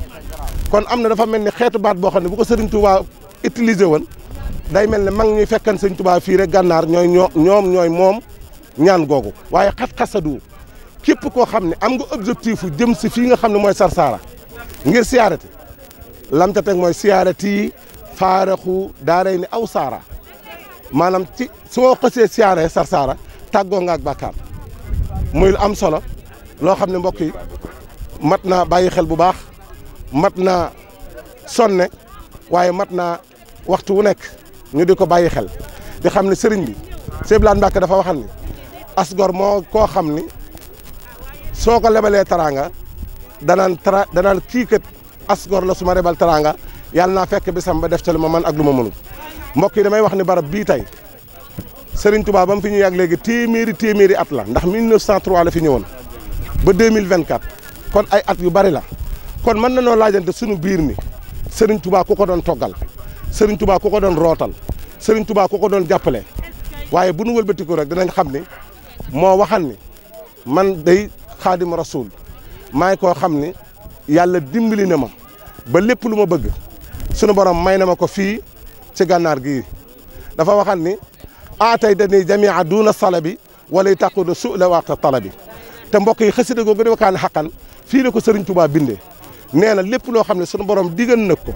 kon am na dafa mel ni xeetu baat boo xam ne bu ko Serigne Touba utilisé woon day mel ne mag ñuy fekken sëñ tubaab fii rek gànnaar ñooy ñoo ñoom ñooy moom ñaan googu waaye xat-xasadu képp koo xam ne am nga objectif yu jëm si fii nga xam ne mooy Sarsara ngir siyaarati lam ca teg mooy siyaarati xu daaray ni aw saara maanaam ci soo xësee siyaaree Sarsara tàggoo nga ak bàkkaar muy am solo loo xam ne mbokk yi mat naa bàyyi xel bu baax mat naa sonne waaye mat naa waxtu wu nekk ñu di ko bàyyi xel di xam ne sëriñ bi Sëblaan Mbàkke dafa waxal ni asgor moo koo xam ni soo ko lebalee taraanga danaan tara danaan kii kat asgor la su ma lebal taraanga yàlla naa fekk bisam ba def ca lu ma man ak lu ma mënul mbokk yi damay wax ni barab bii tey Sëriñ Tuubaa bam mu fi ñu yàgg léegi téeméeri téeméeri at la ndax 1903 la fi ñëwoon ba 2024 kon ay at yu bari la kon mën na noo laajante sunu biir ni Sëriñ Tuubaa ku ko doon toggal Serigne Touba ku ko doon rootal Serigne tubaa ku ko doon jàppale waaye bu nu wëlbatiku rek danañ xam ni moo waxal ni man day xaadim rasul maay koo xam ni yàlla dimbali na ma ba lépp lu ma bëgg sunu borom may na ma ko fii si gànnaar gii dafa waxal ni aatay dani jamia duuna salabi wala taquna su'la waqta talabi te mbok yi xasida googu di wakaan xaqan fii la ko Serigne tubaa binde nee na lépp loo xam ne sunu borom digal na ko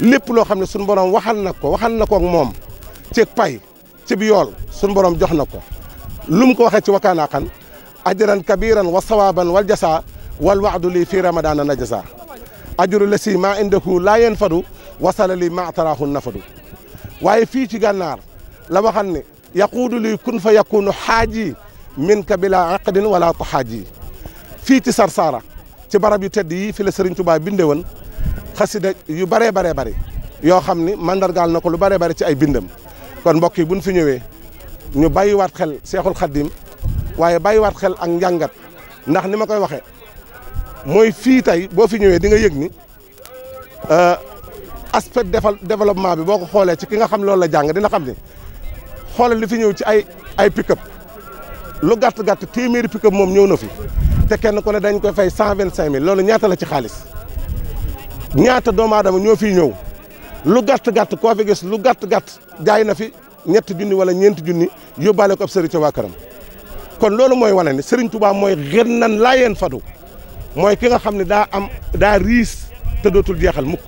lépp loo xam ne suñu borom waxal na ko waxal na ko moom ci pay ci bi yool suñu borom jox na ko lu mu ko waxee ci wakkaanaa xan ajran kabiran wa sawaban wal jasa wal waxdu lii fii ramadana najasa ajuru la si maa indahu laa yeen fadu wasala li ma ataraahu nafadu waaye fii ci gànnaar la waxan ne yaquudu lii kun fa yakunu xaaji min ka bila aqdin wala ko xaaji fii ci Sarsara ci barab yu tedd yi fi la Sëriñ Tuubaa binde woon xasida yu bëree baree bari yoo xam ni mandargaal na ko lu bëree bari ci ay bindam kon mbokk yi buñ fi ñëwee ñu bàyyiwaat xel seexul xaddim waaye bay bàyyiwaat xel ak njàngat ndax ni ma koy waxe mooy fii tey boo fi ñëwee di nga yëg ni euh, aspect développement bi boo ko xoolee ci ki nga xam loolu la jàng dina xam ni xoolal li fi ñëw ci ay ay pick-up lu gàtt gàtt téeméeri pick-up moom ñëw na fi te kenn ku ne dañ koy fay cent vingt cinq mille loolu ñaata la ci xaalis. ñaata doomu aadama ñoo fi ñëw lu gàtt gàtt koo fi gis lu gàtt gàtt jaay na fi ñetti junni wala ñeenti junni yóbbaale ko ab sëriñ ca waa këram kon loolu mooy wane ne Serigne Touba mooy gën nan laayeen fadu mooy ki nga xam ne daa am daa riis te dootul jeexal mukk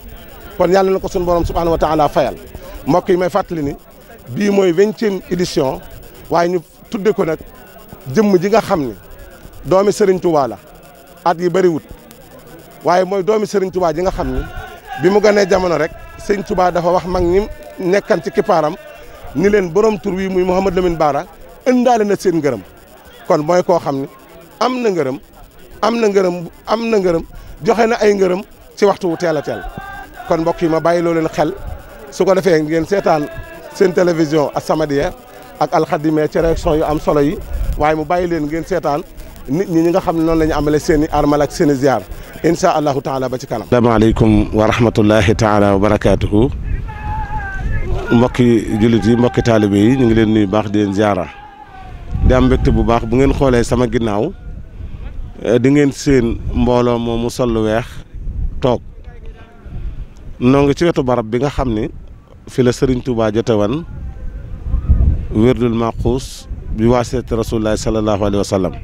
kon yàlla na ko suñu borom subhaanahu wa taala fayal mbokk yi may fàttali ni bii mooy vingtième édition waaye ñu tudde ko nag jëmm ji nga xam ni doomi sëriñ Touba la at yi bëriwut waaye mooy doomi Serigne Touba ji nga xam ni bi mu ganee jamono rek Serigne Touba dafa wax mag ñi nekkaan ci kippaaram ni leen borom tur wi muy Mouhamadou Lamine baara ëndaale na seen ngërëm kon mooy koo xam ni am na ngërëm am na ngërëm am na ngërëm joxe na ay ngërëm ci waxtu wu teel a teel kon mbokk yi ma bàyyi loo leen xel su ko defee ngeen seetaan seen télévision As-Samadiyya ak alxadime ci réaction yu am solo yi waaye mu bàyyi leen ngeen seetaan nit ñi ñi nga xam ne noonu la ñu amalee seen i armal ak seen i ziar incha allahu taala ba ci kanam. asalaamaaleykum wa rahmatullahi taala wa barakaatuhu mbokki jullit yi mbokki taalibe yi ñu ngi leen nuyu baax di leen ziara di am mbégte bu baax bu ngeen xoolee sama ginnaaw eh, di ngeen seen mbooloo moom mu sol lu weex toog noo ci wetu barab bi nga xam ni fi la Serigne Touba jote woon wérdul maquus bi waasiyati rasulillahi sallallahu alayhi wa sallam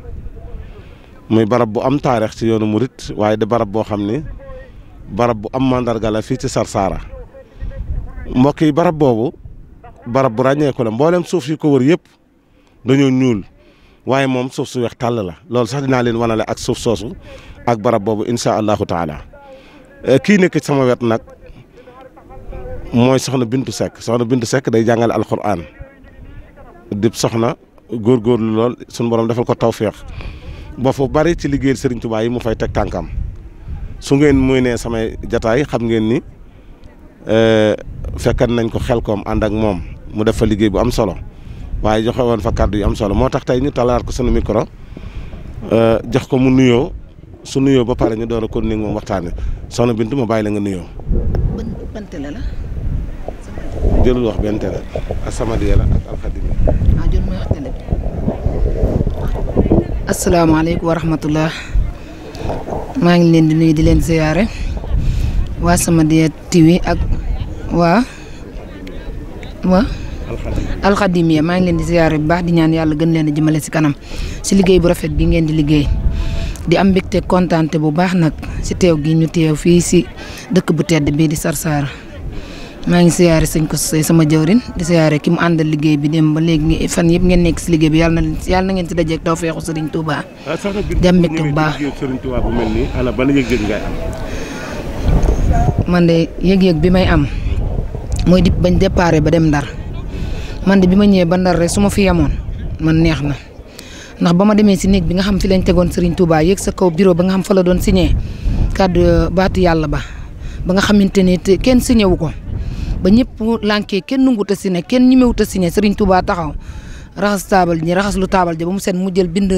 muy barab bu am taarix ci yoonu murit waaye di barab boo xam ni barab bu am mandarga la fii ci Sarsara mbokk yi barab boobu barab bu ràññeeku la mboolem suuf yi ko wër yépp dañoo ñuul waaye moom suuf su weex tàll la loolu sax dinaa leen wanale ak suuf soosu ak barab boobu incha allahu taala eh, kii nekk sama wet nag mooy soxna Bintu sekk soxna Bintu sekk day jàngale alquran dib soxna góor góorgóorlu lool sunu borom defal ko tawféex ba fu bari ci liggéeyal Serigne Touba yi mu fay teg tànkam su ngeen muy nee samay jataay xam ngeen ni euh, fekkan nañ ko xel koom ànd ak moom mu def fa liggéey bu am solo waaye joxe woon fa kàddu yi am solo moo tax tey ñu talaat ko seenu micro euh, jox ko mu nuyoo su nuyoo ba pare ñu door a continuer moom waxtaanee soxna Bintu ma bàyyi la nga nuyoo. ban ban télé la. jëlul wax asalaamaaleykum wa rahmatullah maa ngi leen di nuyu di leen ziyaare waa Samadiyya TV ak waa waa alxadimiya maa ngi leen di ziyaare bu baax di ñaan yàlla gën leen di jëmale si kanam si liggéey bu rafet bi ngeen di liggéey di am mbégte kontaante bu baax nag si teew gi ñu teew fii si dëkk bu tedd bii di Sarsara maa ngi siyaare sëñ ko sa sama jëwrin di siyaare ki mu àndal liggéey bi dem ba léegi fan yëpp ngeen nekk si liggéey bi yàlla na yàlla na ngeen si dajeeg tawfeexu sëriñ Touba. dem ah, mbégte bu baax sëriñ Touba de yëg bi may am mooy di bañ déparé ba dem ndar man de bi ma ñëwee ba ndar rek su ma fi yemoon man neex na ndax ba ma demee si néeg bi nga xam fi lañ tegoon sëriñ Touba yëg sa kaw bureau ba nga xam fa la doon si signé kàddu baatu yàlla ba ba nga xamante ni kenn si ñëw ko ba ñëpp lànkee kenn nanguwut a ne kenn ñemewut a signé Serigne Touba taxaw raxas taabal ji raxas lu taabal ji ba mu set mu jël bind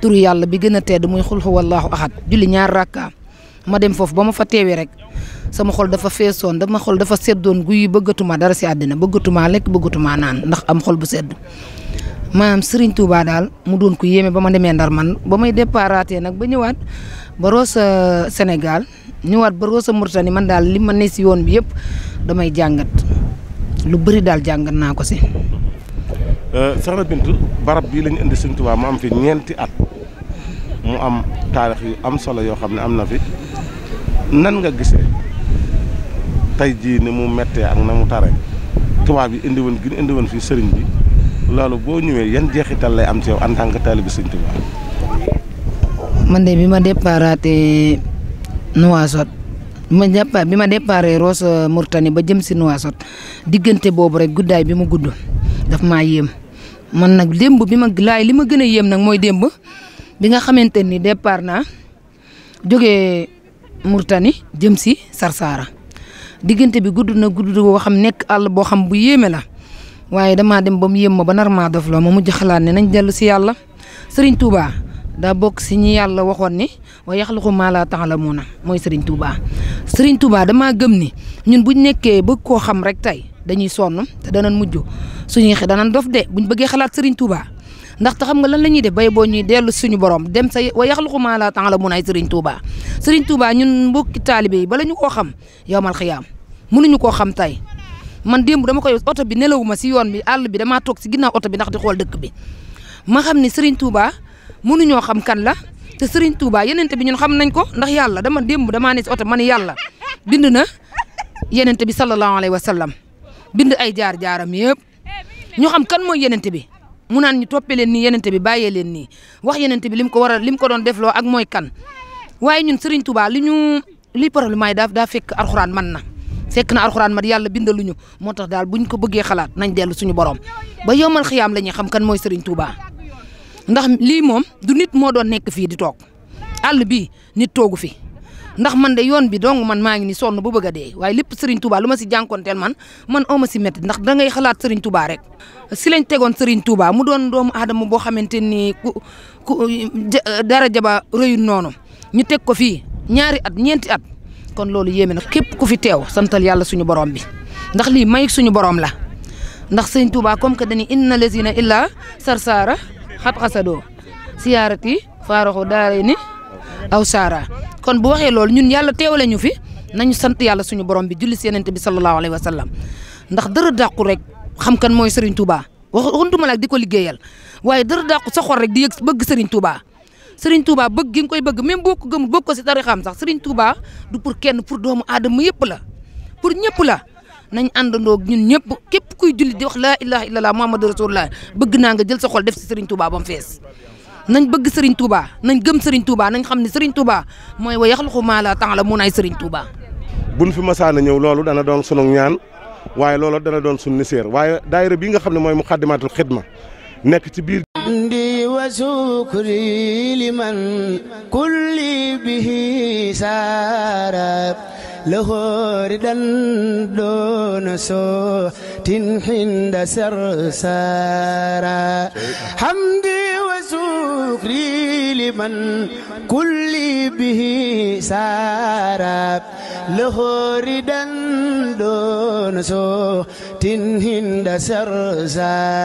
turu yàlla bi gën a tedd muy xul huwallaahu ahad julli ñaar rakka ma dem foofu ba ma fa teewee rek sama xol dafa feesoon dama xol dafa seddoon guy bëggatuma dara si àddina bëggatuma lekk bëggatuma naan ndax am xol bu sedd maanaam Serigne Touba daal mu doon ko yéeme ba ma demee ndar man ba may départaatee nag ba ñëwaat ba Rosa euh, Sénégal ñëwaat ba Rosso Mauritanie man daal li ma ne si yoon bi yëpp damay jàngat lu bari daal jàngat naa ko si. Euh, soxna Bintu barab bii la indi Sëñ Tuubaa mu am fi ñeenti at mu am taarix yu am solo yoo xam ne am na fi nan nga gisee tey jii ni mu mettee ak na mu tare tubaab yi indi woon gi indi woon fii sëriñ bi loolu boo ñëwee yan jeexital lay am ci yow en tant que taalibe Sëñ man de bi ma déparaatee Nouakchott bi ma départ bi ma départ Rosso euh, Mourtani ba jëm si Nouakchott diggante boobu rek guddaay bi ma gudd daf ma yéem man nag démb bi ma laay li ma gën a yéem nag mooy démb bi nga xamante ni départ na joge murtani jëm si Sarsara diggante bi gudd na gudd boo xam nekk àll boo xam bu yéeme la waaye damaa dem ba mu yéem ma ba nar maa dof ma mujj xalaat ne nañ dellu si yàlla Serigne Touba. daa bokk si ñi yàlla waxoon ni wa yaxluqu maa laa ta'lamuuna mooy Serigne Touba Serigne Touba damaa gëm ni ñun buñ nekkee bëgg koo xam rek tey dañuy sonn te danañ mujj suñuy xe danañ dof de buñ bëggee xalaat Serigne Touba ndaxte xam nga lan la ñuy def bay boo ñuy dellu suñu borom dem sa wa yaxluqu maa laa ta'lamuuna ay Serigne Touba Serigne Touba ñun mbokki taalibe yi bala ñu koo xam yowmal mun mënuñu koo xam tey man démb dama koy oto bi ma si yoon bi àll bi damaa toog si ginnaaw oto bi nda di xool dëkk bi ma xam ni Serigne Touba mënuñoo xam kan la te Serigne Touba yenente bi ñun xam nañ ko ndax yàlla dama démb damaa ne si oto ma ne yàlla bind na yenente bi sallallahu alayhi wa sallam bind ay jaar-jaaram yëpp ñu xam kan mooy yenente bi mu naan ñu toppee leen nii yenente bi bàyyee leen nii wax yenente bi lim ko war a lim ko doon defloo ak mooy kan waaye ñun Serigne Touba li ñu li problème ay daa daa fekk arxuraan man na fekk na arxuraan mat yàlla bindaluñu moo tax daal buñ ko bëggee xalaat nañ dellu suñu borom ba yomal xiyaam la ñuy xam kan mooy Serigne ndax lii moom du nit moo doon nekk fii di toog àll bii nit toogu fi ndax man de yoon bi dong man maa ngi ni sonn bu bëgg a dee waaye lépp Serigne Touba lu ma si jànkonteel man man oo ma si métti ndax dangay ngay xalaat Serigne Touba rek si lañ tegoon Serigne Touba mu doon doomu aadama boo xamante ni ku ku dara jaba rëyul noonu ñu teg ko fii ñaari at ñeenti at kon loolu yéeme na képp ku fi teew santal yàlla suñu borom bi ndax lii may suñu borom la ndax Serigne Touba comme que dañuy inna lazina illa sarsara xat xasadoo siyaarati faaraxu daare ni aw saara kon boo waxee loolu ñun yàlla teewale ñu fi nañu sant yàlla suñu borom bi julli si yenente bi sallallahu alayhi wa sallam ndax dara dàqu rek xam kan mooy Serigne Touba wax waxuntuma la di ko liggéeyal waaye dara dàqu sa xol rek di yëg bëgg Serigne Touba Serigne Touba bëgg koy bëgg même boo ko gëm boo ko si tarixam sax Serigne Touba du pour kenn pour doomu aadama yëpp la pour ñëpp la. nañ àndandoo ñun ñëpp képp kuy julli di wax laa ilaha illallah muhammadu rasulullah bëgg naa nga jël sa def si Serigne Touba ba mu fees nañ bëgg Serigne Touba nañ gëm Serigne Touba nañ xam ne Serigne Touba mooy wa yaxluqu maa laa ta'lamuun la mun ay Serigne Touba. buñ fi masaana ñëw loolu dana doon sunu ñaan waaye loolu dana doon sunu niseer waaye daayira bi nga xam ne mooy muxaddamatul xidma nekk ci biir. وشكري لمن كل به سارب لغور دون سو تنحند سرسارا حمدي وسكري لمن كل به سارا لغور دون سو تنحند سرسارا